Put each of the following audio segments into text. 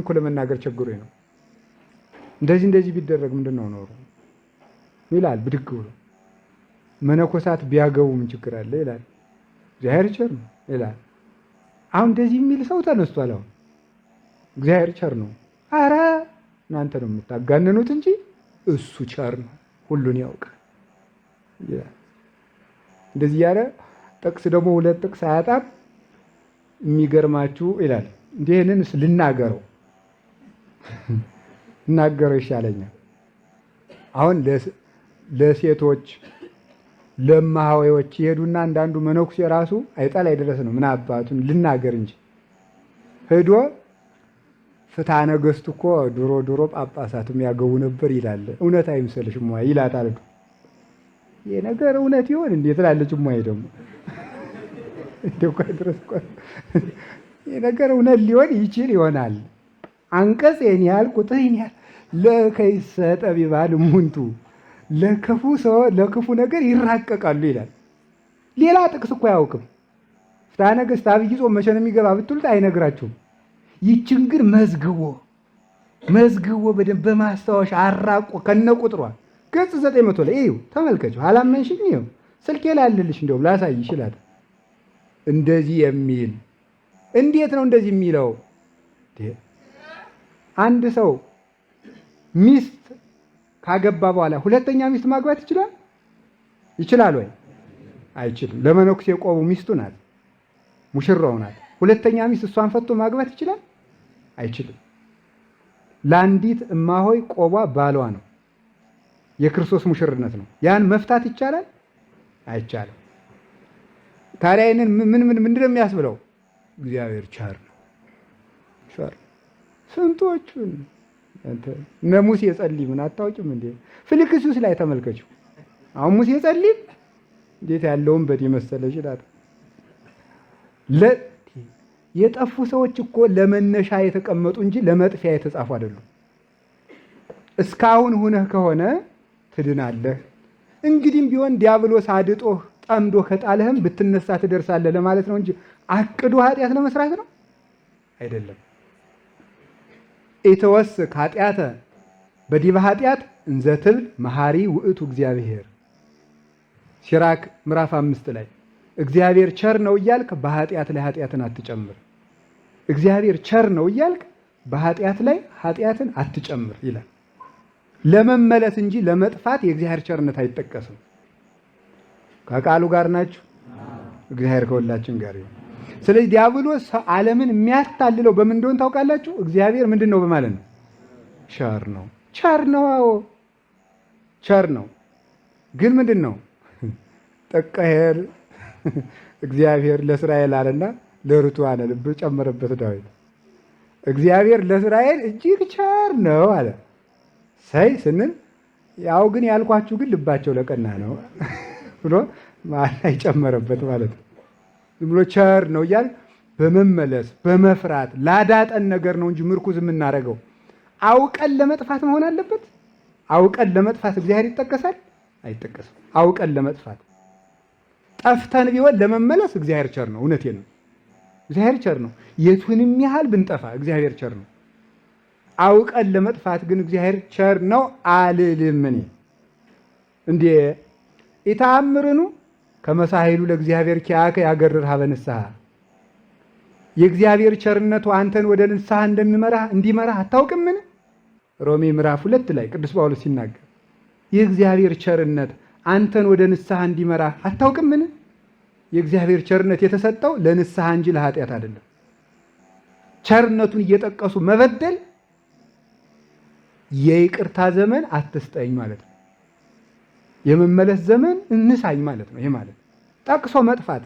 እኮ ለመናገር ቸግሮ ነው። እንደዚህ እንደዚህ ቢደረግ ምንድን ነው ኖሩ ይላል። ብድግ ብሎ መነኮሳት ቢያገቡ ምን ችግር አለ ይላል። እግዚአብሔር ቸር ነው ይላል። አሁን እንደዚህ የሚል ሰው ተነስቷል። አሁን እግዚአብሔር ቸር ነው። አረ እናንተ ነው የምታጋንኑት እንጂ እሱ ቸር ነው፣ ሁሉን ያውቃል። እንደዚህ ያለ ጥቅስ ደግሞ ሁለት ጥቅስ አያጣም። የሚገርማችሁ ይላል እንዲህንን ልናገረው እናገረው ይሻለኛል። አሁን ለሴቶች ለማህወዎች ይሄዱና አንዳንዱ መነኩሴ የራሱ አይጣል አይደረስ ነው ምን አባቱን ልናገር እንጂ ሄዶ ፍትሐ ነገሥት እኮ ድሮ ድሮ ጳጳሳትም ያገቡ ነበር ይላል። እውነት አይምሰልሽ ሞ ይላታል። ይሄ ነገር እውነት ይሆን እንዴ ትላለች። ሞ ደግሞ ድረስ ይሄ ነገር እውነት ሊሆን ይችል ይሆናል አንቀጽ ይህን ያህል ቁጥር ይህን ያህል ለከይሰ ጠቢባን ሙንቱ ለክፉ ሰው ለክፉ ነገር ይራቀቃሉ ይላል። ሌላ ጥቅስ እኮ አያውቅም። ፍትሐ ነገሥት አብይ ጾም መቼ ነው የሚገባ ብትሉት አይነግራችሁም። ይችን ግን መዝግቦ መዝግቦ በደንብ በማስታወሻ አራቆ ከነ ቁጥሯ ገጽ ዘጠኝ መቶ ላይ ይኸው ተመልከች። አላመንሽኝ? ይኸው ስልኬ ላልልሽ እንደውም ላሳይሽ ይላል። እንደዚህ የሚል እንዴት ነው እንደዚህ የሚለው? አንድ ሰው ሚስት ካገባ በኋላ ሁለተኛ ሚስት ማግባት ይችላል? ይችላል ወይ? አይችልም። ለመነኩሴ የቆቡ ሚስቱ ናት፣ ሙሽራው ናት። ሁለተኛ ሚስት እሷን ፈቶ ማግባት ይችላል? አይችልም። ለአንዲት እማሆይ ቆቧ ባሏ ነው፣ የክርስቶስ ሙሽርነት ነው። ያን መፍታት ይቻላል? አይቻልም። ታዲያ ይህንን ምን ምን ምንድን ነው የሚያስብለው? እግዚአብሔር ቸር ነው። ስንቶቹን እነ ሙሴ ጸሊምን አታውቂም እንዴ? ፊልክስዩስ ላይ ተመልከችው። አሁን ሙሴ ጸሊም እንዴት ያለውን በድ መሰለ ይችላል። ለ የጠፉ ሰዎች እኮ ለመነሻ የተቀመጡ እንጂ ለመጥፊያ የተጻፉ አይደሉም። እስካሁን ሁነህ ከሆነ ትድናለህ። እንግዲህም ቢሆን ዲያብሎስ አድጦህ ጠምዶ ከጣለህም ብትነሳ ትደርሳለህ ለማለት ነው እንጂ አቅዶ ኃጢአት ለመስራት ነው አይደለም። ኢተወስክ ኃጢአተ በዲበ ኃጢአት እንዘትል መሐሪ ውእቱ እግዚአብሔር ሲራክ ምዕራፍ አምስት ላይ እግዚአብሔር ቸር ነው እያልክ በኃጢአት ላይ ኃጢአትን አትጨምር። እግዚአብሔር ቸር ነው እያልክ በኃጢአት ላይ ኃጢአትን አትጨምር ይላል። ለመመለስ እንጂ ለመጥፋት የእግዚአብሔር ቸርነት አይጠቀስም። ከቃሉ ጋር ናችሁ። እግዚአብሔር ከሁላችን ጋር ይሁን። ስለዚህ ዲያብሎስ ዓለምን የሚያታልለው በምን እንደሆነ ታውቃላችሁ? እግዚአብሔር ምንድን ነው በማለት ነው። ቸር ነው፣ ቸር ነው። አዎ ቸር ነው። ግን ምንድን ነው ጠቀሄል እግዚአብሔር ለእስራኤል አለና ለርቱ አለ ልብ ጨመረበት ዳዊት እግዚአብሔር ለእስራኤል እጅግ ቸር ነው አለ። ሰይ ስንል ያው ግን ያልኳችሁ ግን ልባቸው ለቀና ነው ብሎ ማላ ይጨመረበት ማለት ነው። ዝም ብሎ ቸር ነው እያል በመመለስ በመፍራት ላዳጠን ነገር ነው እንጂ ምርኩዝ የምናደርገው አውቀን ለመጥፋት መሆን አለበት። አውቀን ለመጥፋት እግዚአብሔር ይጠቀሳል አይጠቀስም? አውቀን ለመጥፋት ጠፍተን ቢሆን ለመመለስ እግዚአብሔር ቸር ነው። እውነቴ ነው። እግዚአብሔር ቸር ነው። የቱንም ያህል ብንጠፋ እግዚአብሔር ቸር ነው። አውቀን ለመጥፋት ግን እግዚአብሔር ቸር ነው አልልም እኔ እንዴ ኢታምርኑ ከመሳሄሉ ለእግዚአብሔር ኪያከ ያገርር ሀበ የእግዚአብሔር ቸርነቱ አንተን ወደ ንስሐ እንዲመራ አታውቅም አታውቅምን? ሮሜ ምዕራፍ ሁለት ላይ ቅዱስ ጳውሎስ ሲናገር የእግዚአብሔር ቸርነት አንተን ወደ ንስሐ አታውቅም አታውቅምን? የእግዚአብሔር ቸርነት የተሰጠው ለንስሐ እንጂ ለኃጢአት አይደለም። ቸርነቱን እየጠቀሱ መበደል የይቅርታ ዘመን አትስጠኝ ማለት ነው። የመመለስ ዘመን እንሳኝ ማለት ነው። ይህ ማለት ጠቅሶ መጥፋት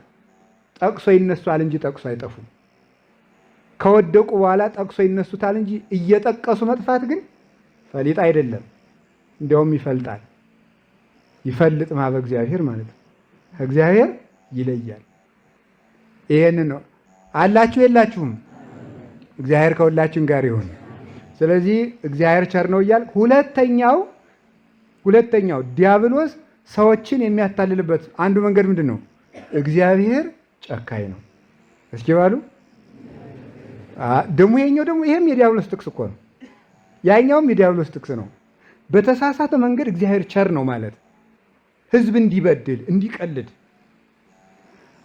ጠቅሶ ይነሷል እንጂ ጠቅሶ አይጠፉም። ከወደቁ በኋላ ጠቅሶ ይነሱታል እንጂ እየጠቀሱ መጥፋት ግን ፈሊጥ አይደለም፣ እንዲያውም ይፈልጣል። ይፈልጥ ማበ እግዚአብሔር ማለት ነው። እግዚአብሔር ይለያል። ይሄን ነው አላችሁ የላችሁም። እግዚአብሔር ከሁላችን ጋር ይሁን። ስለዚህ እግዚአብሔር ቸር ነው እያል ሁለተኛው ሁለተኛው ዲያብሎስ ሰዎችን የሚያታልልበት አንዱ መንገድ ምንድን ነው? እግዚአብሔር ጨካኝ ነው። እስኪ ባሉ ደግሞ ይሄኛው ደግሞ ይሄም የዲያብሎስ ጥቅስ እኮ ነው። ያኛውም የዲያብሎስ ጥቅስ ነው። በተሳሳተ መንገድ እግዚአብሔር ቸር ነው ማለት ህዝብ እንዲበድል እንዲቀልድ።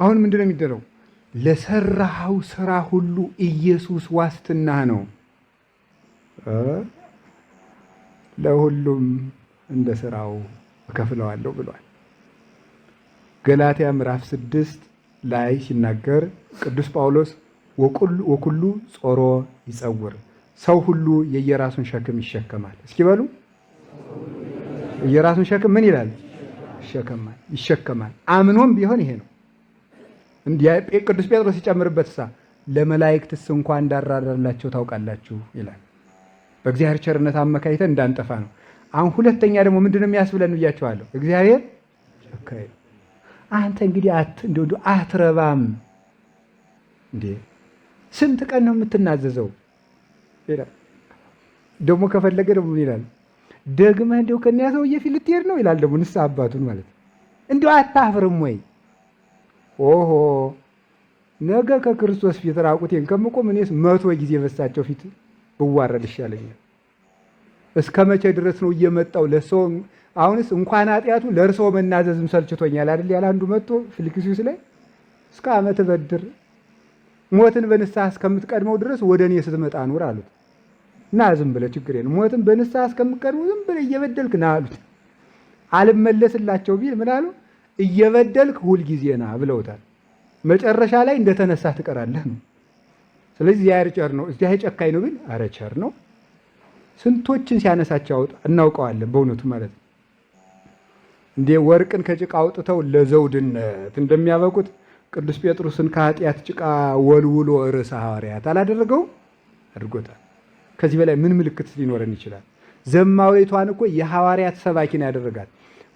አሁን ምንድን ነው የሚደረው? ለሰራኸው ስራ ሁሉ ኢየሱስ ዋስትና ነው ለሁሉም እንደ ስራው እከፍለዋለሁ ብሏል። ገላትያ ምዕራፍ ስድስት ላይ ሲናገር ቅዱስ ጳውሎስ ወኩሉ ጾሮ ይጸውር፣ ሰው ሁሉ የየራሱን ሸክም ይሸከማል። እስኪ በሉ የየራሱን ሸክም ምን ይላል? ይሸከማል ይሸከማል። አምኖም ቢሆን ይሄ ነው። ቅዱስ ጴጥሮስ ሲጨምርበት ሳ ለመላእክትስ እንኳ እንዳራራላቸው ታውቃላችሁ ይላል። በእግዚአብሔር ቸርነት አመካኝተን እንዳንጠፋ ነው። አሁን ሁለተኛ ደግሞ ምንድነው የሚያስብለን ብያቸዋለሁ። እግዚአብሔር ጨካኝ አንተ እንግዲህ አትረባም እንዴ ስንት ቀን ነው የምትናዘዘው? ደግሞ ከፈለገ ደግሞ ይላል ደግመህ እንዲያው ከእኒያ ሰውዬ ፊት ልትሄድ ነው ይላል። ደግሞ ንስሐ አባቱን ማለት እንዲያው አታፍርም ወይ? ኦሆ ነገ ከክርስቶስ ፊት ራቁቴን ከምቆም እኔስ መቶ ጊዜ በሳቸው ፊት ብዋረድ ይሻለኛል። እስከ መቼ ድረስ ነው እየመጣው ለሰው አሁንስ እንኳን አጥያቱ ለእርሶ መናዘዝም ሰልችቶኛል አይደል ያለ አንዱ መጥቶ ፊልክስዩስ ላይ እስከ ዓመት በድር ሞትን በንስሐ እስከምትቀድመው ድረስ ወደ እኔ ስትመጣ ኑር አሉት። እና ዝም ብለህ ችግር የለም ሞትን በንስሐ እስከምትቀድመው ዝም ብለህ እየበደልክ ና አሉት። አልመለስላቸው ቢል ምን አሉ? እየበደልክ ሁልጊዜ ና ብለውታል። መጨረሻ ላይ እንደተነሳ ትቀራለህ ነው። ስለዚህ ዚያር ጨር ነው እዚያ ጨካኝ ነው ቢል አረ ቸር ነው ስንቶችን ሲያነሳቸው እናውቀዋለን። በእውነቱ ማለት ነው እንዴ ወርቅን ከጭቃ አውጥተው ለዘውድነት እንደሚያበቁት ቅዱስ ጴጥሮስን ከኃጢአት ጭቃ ወልውሎ ርዕሰ ሐዋርያት አላደረገው አድርጎታል። ከዚህ በላይ ምን ምልክት ሊኖረን ይችላል? ዘማዊቷን እኮ የሐዋርያት ሰባኪን ያደረጋት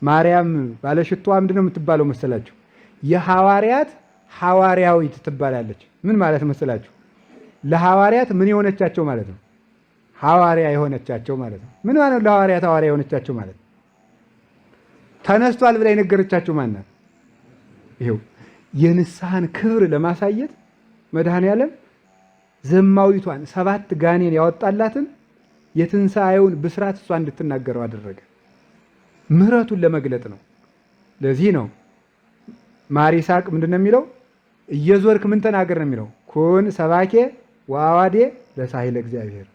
ማርያም ባለሽቶ አምድ ነው የምትባለው መሰላችሁ? የሐዋርያት ሐዋርያዊት ትባላለች። ምን ማለት መሰላችሁ? ለሐዋርያት ምን የሆነቻቸው ማለት ነው ሐዋርያ የሆነቻቸው ማለት ነው። ምን ማለት ነው? ለሐዋርያት ሐዋርያ የሆነቻቸው ማለት ነው። ተነስቷል ብላ የነገረቻቸው ማን ናት? ይኸው የንስሐን ክብር ለማሳየት መድኃኔ ዓለም ዘማዊቷን ሰባት ጋኔን ያወጣላትን የትንሣኤውን ብስራት እሷ እንድትናገረው አደረገ። ምሕረቱን ለመግለጥ ነው። ለዚህ ነው ማሪሳቅ ምንድን ነው የሚለው? እየዞርክ ምን ተናገር ነው የሚለው? ኩን ሰባኬ ወአዋዴ ለሳሂለ እግዚአብሔር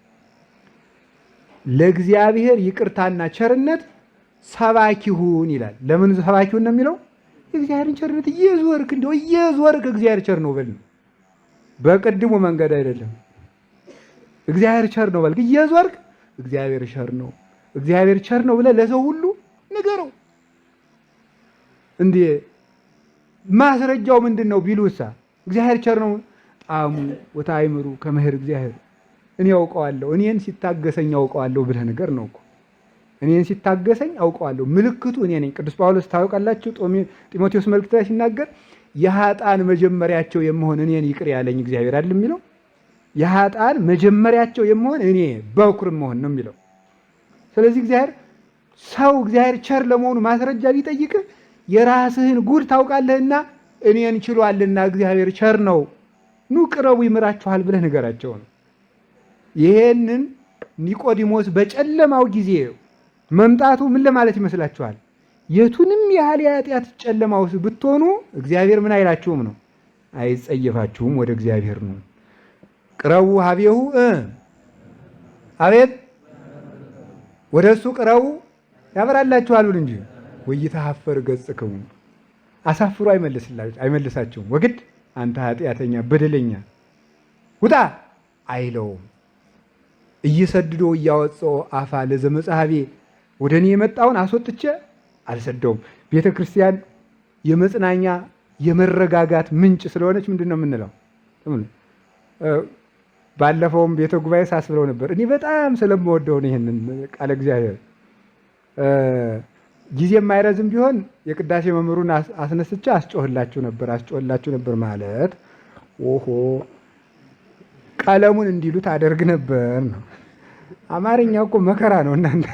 ለእግዚአብሔር ይቅርታና ቸርነት ሰባኪሁን ይላል። ለምን ሰባኪሁን ነው የሚለው? የእግዚአብሔርን ቸርነት እየዞርክ እንደው እየዞርክ እግዚአብሔር ቸር ነው በል፣ በቅድሙ መንገድ አይደለም። እግዚአብሔር ቸር ነው በል፣ እየዞርክ እግዚአብሔር ቸር ነው፣ እግዚአብሔር ቸር ነው ብለህ ለሰው ሁሉ ንገረው። እንዴ ማስረጃው ምንድን ነው ቢሉሳ፣ እግዚአብሔር ቸር ነው ጣዕሙ ወታይምሩ ከመሄድ እግዚአብሔር እኔ ያውቀዋለሁ እኔን ሲታገሰኝ ያውቀዋለሁ ብለህ ነገር ነው እኮ እኔን ሲታገሰኝ አውቀዋለሁ። ምልክቱ እኔ ነኝ። ቅዱስ ጳውሎስ ታውቃላችሁ፣ ጢሞቴዎስ መልእክት ላይ ሲናገር የሀጣን መጀመሪያቸው የመሆን እኔን ይቅር ያለኝ እግዚአብሔር አለ የሚለው? የሀጣን መጀመሪያቸው የመሆን እኔ በኩር መሆን ነው የሚለው። ስለዚህ እግዚአብሔር ሰው እግዚአብሔር ቸር ለመሆኑ ማስረጃ ቢጠይቅህ የራስህን ጉድ ታውቃለህና እኔን ችሏልና እግዚአብሔር ቸር ነው ኑ ቅረቡ ይምራችኋል ብለህ ንገራቸው ነው። ይሄንን ኒቆዲሞስ በጨለማው ጊዜ መምጣቱ ምን ለማለት ይመስላችኋል? የቱንም ያህል የኃጢአት ጨለማ ውስጥ ብትሆኑ እግዚአብሔር ምን አይላችሁም ነው፣ አይጸየፋችሁም። ወደ እግዚአብሔር ነው ቅረቡ ሀቤሁ አቤት ወደ እሱ ቅረቡ ያበራላችኋሉን እንጂ ወይተሐፈር ገጽክሙ አሳፍሮ አይመልሳችሁም። ወግድ አንተ ኃጢአተኛ በደለኛ ውጣ አይለውም። እየሰድዶ እያወፀው አፋ ለዘ ወደ እኔ የመጣውን አስወጥቼ አልሰደውም። ቤተ ክርስቲያን የመጽናኛ የመረጋጋት ምንጭ ስለሆነች ምንድን ነው የምንለው? ባለፈውም ቤተ ጉባኤ ሳስብለው ነበር። እኔ በጣም ስለምወደው ነው ይህንን ቃለ እግዚአብሔር። ጊዜ የማይረዝም ቢሆን የቅዳሴ መምህሩን አስነስቼ አስጮህላችሁ ነበር አስጮህላችሁ ነበር ማለት ኦሆ ቀለሙን እንዲሉት አደርግ ነበር ነው። አማርኛ እኮ መከራ ነው እናንተ።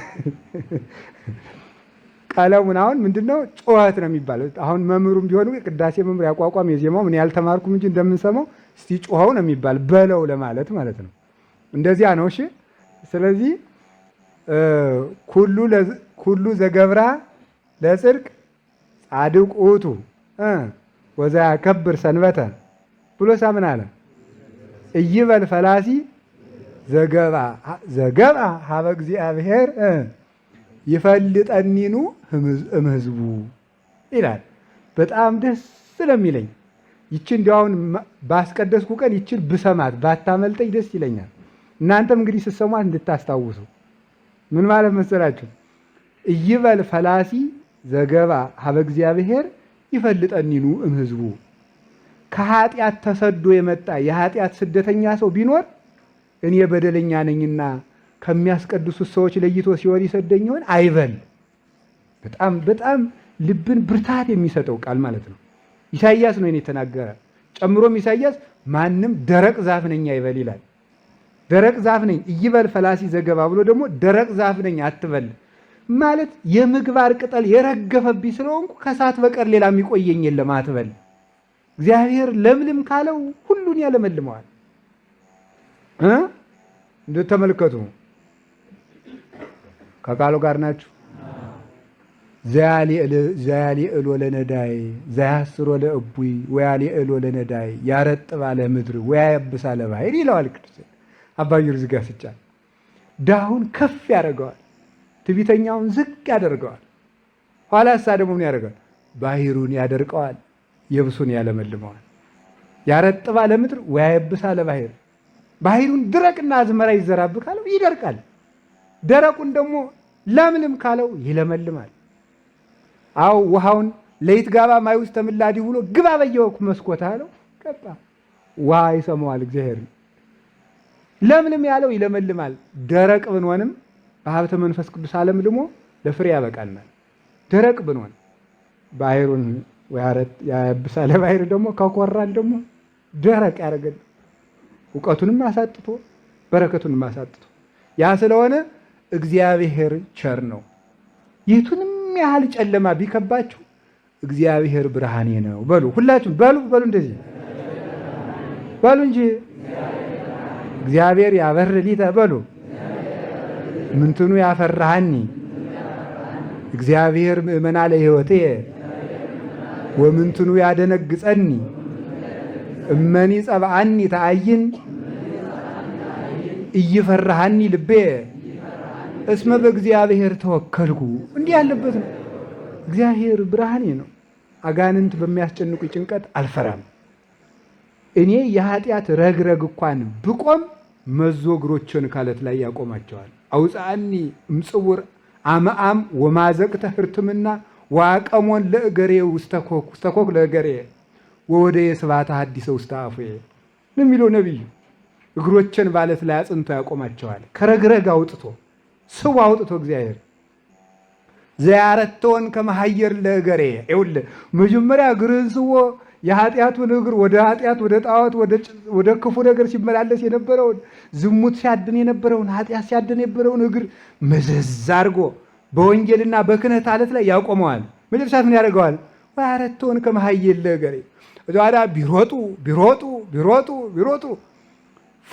ቀለሙን አሁን ምንድን ነው ጩኸት ነው የሚባለው። አሁን መምህሩም ቢሆኑ ቅዳሴ መምህር ያቋቋም የዜማው ምን ያልተማርኩም እንጂ እንደምንሰማው እስቲ ጩኸው ነው የሚባል በለው ለማለት ማለት ነው። እንደዚያ ነው። እሺ ስለዚህ ኩሉ ዘገብራ ለጽድቅ ጻድቅ ውእቱ ወዛ ያከብር ሰንበተ ብሎ ሳምን አለ እይበል ፈላሲ ዘገባ ሀበ እግዚአብሔር ይፈልጠኒኑ እምህዝቡ ይላል። በጣም ደስ ስለሚለኝ ይቺ እንዲያው አሁን ባስቀደስኩ ቀን ይችን ብሰማት ባታመልጠኝ ደስ ይለኛል። እናንተም እንግዲህ ስትሰሟት እንድታስታውሱ ምን ማለት መሰላችሁ? እይበል ፈላሲ ዘገባ ሀበ እግዚአብሔር ይፈልጠኒኑ እምህዝቡ ከኃጢአት ተሰዶ የመጣ የኃጢአት ስደተኛ ሰው ቢኖር እኔ በደለኛ ነኝና ከሚያስቀድሱት ሰዎች ለይቶ ሲሆን ይሰደኝ ይሆን አይበል። በጣም በጣም ልብን ብርታት የሚሰጠው ቃል ማለት ነው። ኢሳይያስ ነው የተናገረ። ጨምሮም ኢሳይያስ ማንም ደረቅ ዛፍ ነኝ አይበል ይላል። ደረቅ ዛፍ ነኝ እይበል ፈላሲ ዘገባ ብሎ ደግሞ ደረቅ ዛፍ ነኝ አትበል ማለት የምግባር ቅጠል የረገፈብኝ ስለሆንኩ ከእሳት በቀር ሌላ የሚቆየኝ የለም አትበል። እግዚአብሔር ለምልም ካለው ሁሉን ያለመልመዋል። እንድትመለከቱ ከቃሉ ጋር ናችሁ። እሎ ለነዳይ ዘያስሮ ለእቡይ እሎ ለነዳይ ያረጥ ባለ ምድር ወያ አለ ባሕር ይለዋል ቅዱስ አባዩር ዝጋ ዘጋሥጫን። ዳሁን ከፍ ያደርገዋል፣ ትቢተኛውን ዝቅ ያደርገዋል። ኋላ ሳ ደግሞ ምን ያደርገዋል? ባሕሩን ያደርቀዋል፣ የብሱን ያለመልመዋል። ያረጥ ባለ ምድር ወያ አለ ባሕር ባህሩን ድረቅና አዝመራ ይዘራብ ካለው ይደርቃል። ደረቁን ደግሞ ለምልም ካለው ይለመልማል። አው ውሃውን ለይት ጋባ ማይ ውስጥ ተምላዲ ብሎ ግባ በየወቅ መስኮት አለው ገባ። ውሃ ይሰማዋል እግዚአብሔር። ለምልም ያለው ይለመልማል። ደረቅ ብንሆንም በሀብተ መንፈስ ቅዱስ አለም ልሞ ለፍሬ ያበቃልናል። ደረቅ ብንሆን ባህሩን ያብሳለ ባህር ደግሞ ከኮራን ደግሞ ደረቅ ያደርገን እውቀቱንም አሳጥቶ በረከቱንም አሳጥቶ ያ ስለሆነ እግዚአብሔር ቸር ነው። የቱንም ያህል ጨለማ ቢከባችሁ እግዚአብሔር ብርሃኔ ነው በሉ። ሁላችሁም በሉ በሉ፣ እንደዚህ በሉ እንጂ እግዚአብሔር ያበር ሊተ በሉ ምንትኑ ያፈራሃኒ እግዚአብሔር ምእመና ለሕይወቴ ወምንትኑ ያደነግጸኒ እመኒ ጸብአኒ ተአይን እይፈራሃኒ ልቤ እስመ በእግዚአብሔር ተወከልኩ። እንዲህ ያለበት ነው። እግዚአብሔር ብርሃኔ ነው። አጋንንት በሚያስጨንቁ ጭንቀት አልፈራም። እኔ የኃጢአት ረግረግ እንኳን ብቆም መዞ እግሮችን ካለት ላይ ያቆማቸዋል። አውፃአኒ እምጽውር አመአም ወማዘቅተ ህርትምና ዋቀሞን ለእገሬ ውስተኮክ ለእገሬ ወወደ የስብሐተ ሐዲሰ ውስተ አፉዬ ምን የሚለው ነቢዩ። እግሮችን ባለት ላይ አጽንቶ ያቆማቸዋል። ከረግረግ አውጥቶ ስቡ አውጥቶ እግዚአብሔር ዘያረተወን ከመሀየር ለእገሬ ይውል መጀመሪያ እግርህን ስቦ የኃጢአቱን እግር ወደ ኃጢአት ወደ ጣዖት ወደ ክፉ ነገር ሲመላለስ የነበረውን ዝሙት ሲያድን የነበረውን ኃጢአት ሲያድን የነበረውን እግር መዘዝ አድርጎ በወንጌልና በክህነት አለት ላይ ያቆመዋል። መጨረሻት ምን ያደርገዋል? ወያረተወን ከመሀየር ለእገሬ በኋላ ቢሮጡ ቢሮጡ ቢሮጡ ቢሮጡ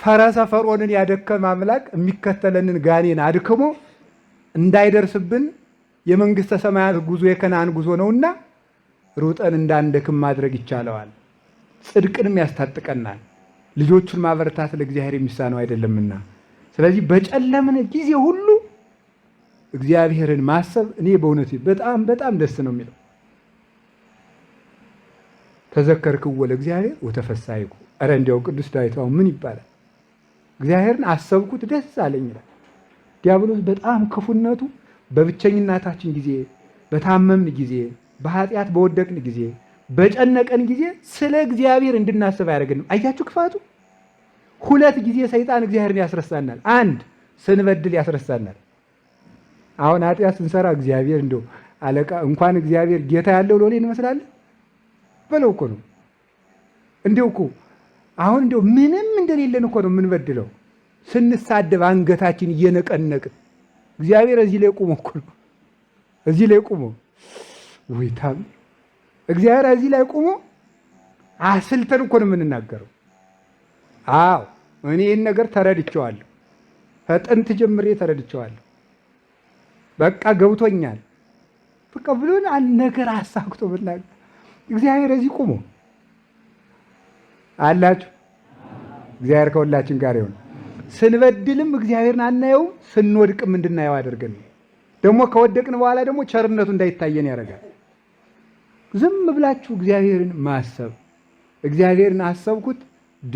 ፈረሰ ፈርዖንን ያደከመ አምላክ የሚከተለንን ጋኔን አድክሞ እንዳይደርስብን የመንግስተ ሰማያት ጉዞ የከናን ጉዞ ነውና ሩጠን እንዳንደክም ማድረግ ይቻለዋል። ጽድቅንም ያስታጥቀናል። ልጆቹን ማበረታት ለእግዚአብሔር የሚሳነው አይደለምና፣ ስለዚህ በጨለምን ጊዜ ሁሉ እግዚአብሔርን ማሰብ እኔ በእውነት በጣም በጣም ደስ ነው የሚለው። ተዘከርክዎ ለእግዚአብሔር ወተፈሳይኩ። እረ እንዲያው ቅዱስ ዳዊት ምን ይባላል? እግዚአብሔርን አሰብኩት ደስ አለኝ ይላል። ዲያብሎስ በጣም ክፉነቱ በብቸኝናታችን ጊዜ፣ በታመምን ጊዜ፣ በኃጢአት በወደቅን ጊዜ፣ በጨነቀን ጊዜ ስለ እግዚአብሔር እንድናስብ አያደርገንም። አያችሁ ክፋቱ። ሁለት ጊዜ ሰይጣን እግዚአብሔርን ያስረሳናል። አንድ ስንበድል ያስረሳናል። አሁን ኃጢአት ስንሰራ እግዚአብሔር እንደው አለቃ እንኳን እግዚአብሔር ጌታ ያለው ሎሌ እንመስላለን። በለው እኮ ነው እንዲው እኮ አሁን እንዲው ምንም እንደሌለን እኮ ነው የምንበድለው። ስንሳደብ አንገታችን እየነቀነቅ እግዚአብሔር እዚህ ላይ ቁሞ እኮ ነው እዚህ ላይ ቁሞ ወይታም እግዚአብሔር እዚህ ላይ ቁሞ አስልተን እኮ ነው የምንናገረው። አዎ እኔ ይህን ነገር ተረድቼዋለሁ፣ ከጥንት ጀምሬ ተረድቼዋለሁ። በቃ ገብቶኛል። በቃ ብሎን አንድ ነገር አሳክቶ ብናገር እግዚአብሔር እዚህ ቁሞ አላችሁ። እግዚአብሔር ከሁላችን ጋር ይሁን። ስንበድልም እግዚአብሔርን አናየውም፣ ስንወድቅም እንድናየው አድርገን ደግሞ ከወደቅን በኋላ ደግሞ ቸርነቱ እንዳይታየን ያደርጋል። ዝም ብላችሁ እግዚአብሔርን ማሰብ እግዚአብሔርን አሰብኩት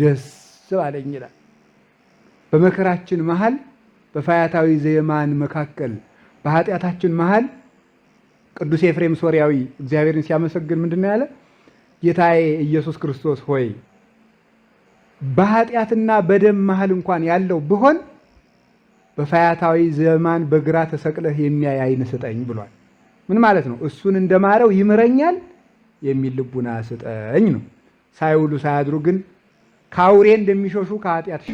ደስ ባለኝ ይላል። በመከራችን መሃል፣ በፋያታዊ ዘየማን መካከል፣ በኃጢአታችን መሃል ቅዱስ ኤፍሬም ሶሪያዊ እግዚአብሔርን ሲያመሰግን ምንድን ያለ? ጌታዬ ኢየሱስ ክርስቶስ ሆይ በኃጢአትና በደም መሀል እንኳን ያለው ብሆን በፈያታዊ ዘማን በግራ ተሰቅለህ የሚያይ አይን ስጠኝ ብሏል። ምን ማለት ነው? እሱን እንደማረው ይምረኛል የሚል ልቡና ስጠኝ ነው። ሳይውሉ ሳያድሩ ግን ከአውሬ እንደሚሸሹ ከኃጢአት